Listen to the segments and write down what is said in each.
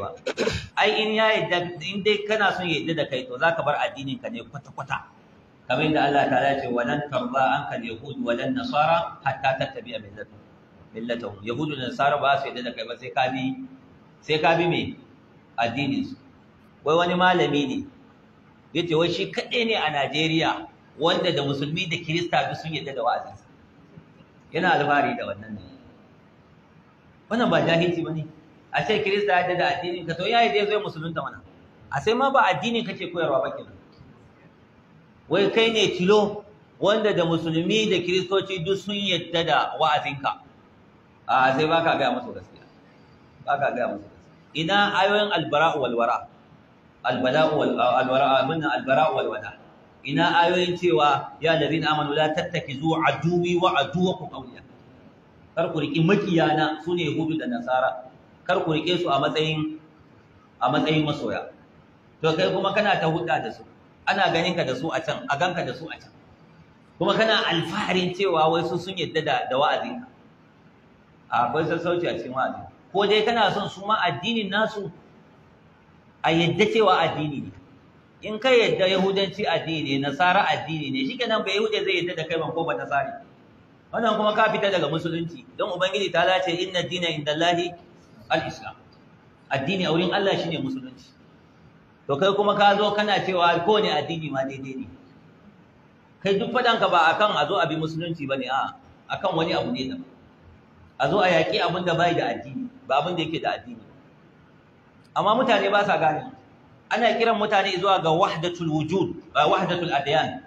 ba ai in ya yadda in dai kana son yadda da kai to zaka bar addinin ka ne kwata kwata kamar da Allah ta'ala ya ce walan tarda anka yahud walan nasara hatta tattabi millatuhum millatahum yahudu da nasara ba su yadda da kai ba sai ka bi sai ka bi me addinin su wai wani malami ne yace wai shi kadai ne a Najeriya wanda da musulmi da kirista duk sun yadda da wa'azi, yana albari da wannan ne wannan ba jahilci bane a ce kirista ya da addinin ka to ya yi zai musulunta mana a sai ma ba addinin kake koyarwa ba kenan wai kai ne tilo wanda da musulmi da kiristoci duk sun yadda da wa'azinka a sai ba ka gaya musu gaskiya ba ka gaya musu gaskiya ina ayoyin albara walwara albala'u walwara abinnan albara walwala ina ayoyin cewa ya lazina amanu la tattakizu aduwi wa aduwakum awliya kar ku riki makiyana sune yahudu da nasara kar ku rike su a matsayin a matsayin masoya to kai kuma kana ta hudda da su ana ganin ka da su a can a ganka da su a can kuma kana alfaharin cewa wai su sun yadda da da wa'azin ka akwai sassauci a cikin wa'azi ko dai kana son su ma addinin nasu a yadda cewa addini ne in ka yadda yahudanci addini ne nasara addini ne shikenan ba yahudai zai yadda da kai man ko ba nasari wannan kuma ka fita daga musulunci don ubangiji ta lace inna dina indallahi Al'islam? addini a wurin Allah shi ne musulunci to kai kuma ka zo kana cewa ko ne addini ma daidai ne kai duk fadanka ba akan a zo a bi musulunci ba ne a kan wani abu ne daban a zo a yaƙi abin da bai da addini ba abin da yake da addini amma mutane ba sa gane ana kiran mutane zuwa ga wahdatul wujud wahdatul adyan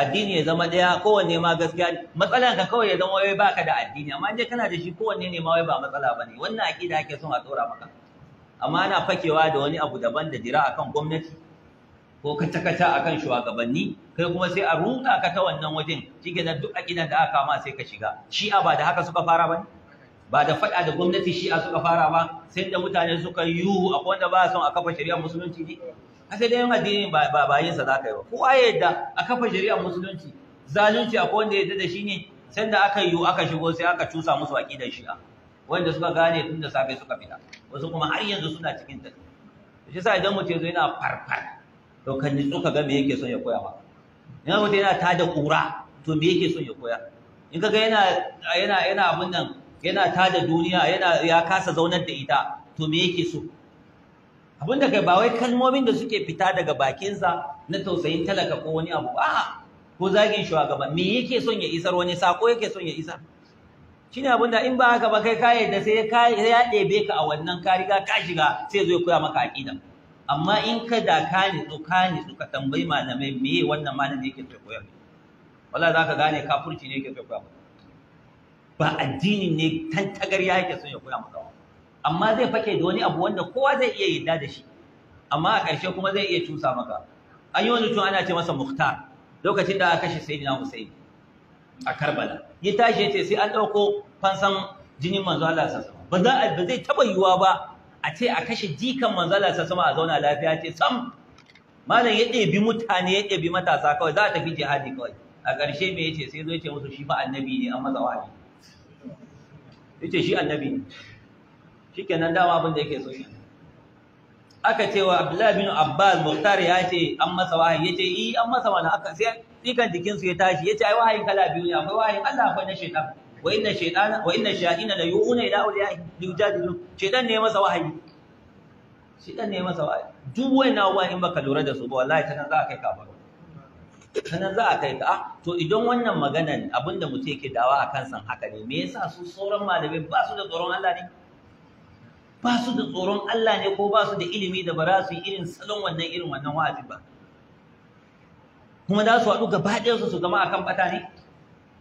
addini ya zama daya kowanne ma gaskiya matsalan ka kawai ya zama wai baka da addini amma inda kana da shi kowanne ne ma wai ba matsala bane wannan akida ake son a tsora maka amma ana fakewa da wani abu daban da jira akan gwamnati ko kata-kata akan shugabanni kai kuma sai a ruka ka ta wannan wajen shige na duk akidan da aka kama sai ka shiga shi'a ba da haka suka fara bane ba da faɗa da gwamnati shi'a suka fara ba sai da mutane suka yi yuhu akwai wanda ba son a kafa shari'ar musulunci ne a sai dai addini ba ba yin sa zaka yi ba kowa ya yadda a kafa shari'a musulunci zalunci a wanda ya da shi ne sanda aka yi aka shigo sai aka cusa musu aqidar shi'a wanda suka gane tun da safe suka fita wasu kuma har yanzu suna cikin ta shi sa idan mutum yana farfar to kan nitsu ka ga me yake son ya koya ba mu mutum yana tada kura to me yake son ya koya in ga yana yana yana abin nan yana tada duniya yana ya kasa zaunar da ita to me yake so abin da kai ba wai kalmomin da suke fita daga bakinsa na tausayin talaka ko wani abu a ko zagin shugaba me yake son ya isar wani sako yake son ya isar shine abin da in ba haka ba kai ka yadda sai ya ya ɗebe ka a wannan ka riga ka shiga sai zo ya koya maka aqida amma in ka da ka ni ka ka tambayi malamai me wannan malami yake ta koyar wallahi zaka gane kafurci ne yake ta koyar ba addini ne tantagar ya yake son ya koya maka amma zai fake da wani abu wanda kowa zai iya yadda da shi amma a ƙarshe kuma zai iya cusa maka an yi wani mutum ana ce masa muhtar lokacin da aka kashe sayyidina husaini a karbala ya tashi ya ce sai an ɗauko fansan jinin manzo Allah sassama ba za a ba zai taɓa yiwuwa ba a ce a kashe jikan manzo Allah sassama a zauna lafiya ce sam malam ya ɗebi mutane ya ɗebi matasa kawai za a tafi jihadi kawai a ƙarshe me ya ce sai zo ya ce musu shi fa annabi ne an masa wahayi ya ce shi annabi ne shikenan dama abin da yake so kenan aka ce wa Abdullahi bin Abbas Muhtar ya ce an masa wahayi yace yi eh, an masa wani haka sai dikan jikinsu su ya tashi yace ai wahayin kala biyu ne akwai wahayin Allah akwai na shaitan wa inna shaytana wa inna shayatina la yu'una ila awliya'i yujadilu shaytan ne masa wahayi shaitan ne masa wahayi duk na wahayi in baka lura da su ba wallahi tana za ka kai ka Ta nan za a kai ka ah, to idan wannan maganan abinda mutum yake dawa akan san haka ne me yasa su sauran malamai ba su da tsoron Allah ne ba su da tsoron Allah ne ko ba su da ilimi da ba za su yi irin salon wannan irin wannan wa'azi ba kuma za su haɗu gaba ɗayansu su gama akan bata ne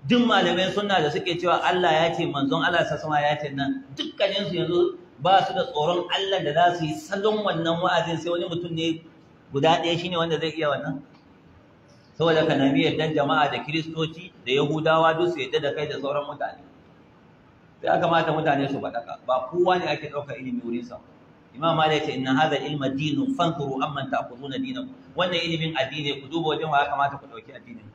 duk malamai suna da suke cewa Allah ya ce manzon Allah sa ya ce nan dukkaninsu yanzu ba su da tsoron Allah da za su yi salon wannan wa'azin sai wani mutum ne guda ɗaya shine wanda zai iya wannan saboda ka nemi jama'a da kiristoci da yahudawa duk su yarda da kai da sauran mutane ya kamata mutane su faɗaka ba kowa ne ake ɗaukar ilimi wurin sa imam ya ce inna hadha ilma dinun fanzuru amman ta'khuduna dinakum wannan ilimin addini ku duba wajen wa ya kamata ku ɗauki addinin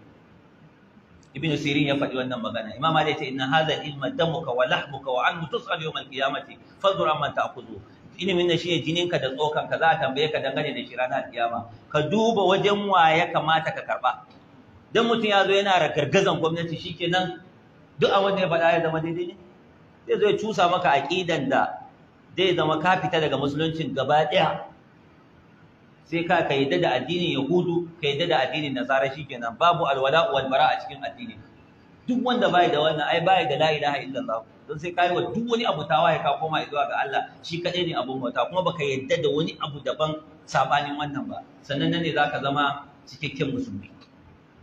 ibn sirin ya faɗi wannan magana imam ya ce inna hadha ilma damuka wa lahmuka wa anhu tus'al yawm al-qiyamati fanzur amman ta'khudhu ilimin na shine jininka da tsokanka za a tambaye ka dangane da shi ranar kiyama ka duba wajen wa ya kamata ka karɓa. dan mutum ya zo yana ragargazan gwamnati shikenan duk a wanda ya faɗa ya zama daidai ne zai zo ya cusa maka aqidan da zai zama ka fita daga musuluncin gaba daya sai ka ka yadda da addinin yahudu ka yadda da addinin nasara kenan babu alwala wal bara a cikin addini duk wanda bai da wannan ai bai da la ilaha illallah don sai kai wa duk wani abu ya ka koma zuwa ga Allah shi kadai ne abun bauta kuma baka yadda da wani abu daban sabanin wannan ba sannan nan ne zaka zama cikakken musulmi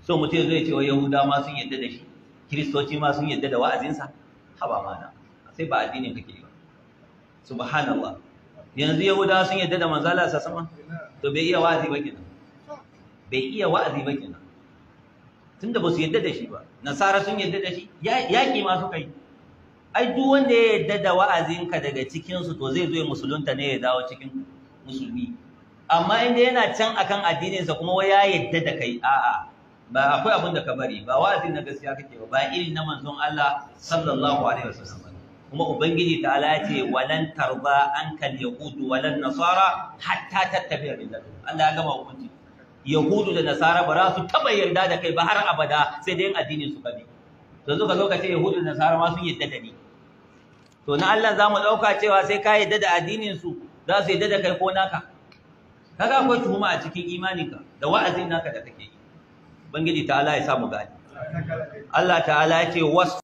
so mutum zai ce wa yahuda ma sun yadda da shi kiristoci ma sun yadda da wa'azinsa haba mana sai ba addinin kake yi ba subhanallah yanzu yahudawa sun yadda da manzala sa sama to bai iya wa'azi ba kenan bai iya wa'azi ba kenan tunda ba su yadda da shi ba nasara sun yadda da shi yaƙi ma suka yi ai duk wanda ya yadda da wa'azinka daga cikinsu to zai zo ya musulunta ne ya dawo cikin musulmi amma inda yana can akan addininsa kuma wai ya yadda da kai a'a ba akwai abin da ka bari ba wa'azin na gaskiya kake ba ba irin na manzon Allah sallallahu alaihi wasallam kuma ubangiji ta ala ce walan tarba an kal yahudu walan nasara hatta tattabi'a millatu Allah ya gama hukunci yahudu da nasara ba za su taba yarda da kai ba har abada sai dai addinin su kabi to zuka ce yahudu da nasara ma sun yadda da ni to na Allah za mu ɗauka cewa sai ka yadda da addinin su za su yadda da kai ko naka kaga akwai tuhuma a cikin imaninka da wa'azin naka da kake yi ubangiji ta ala ya samu gani Allah ta'ala ya ce wasu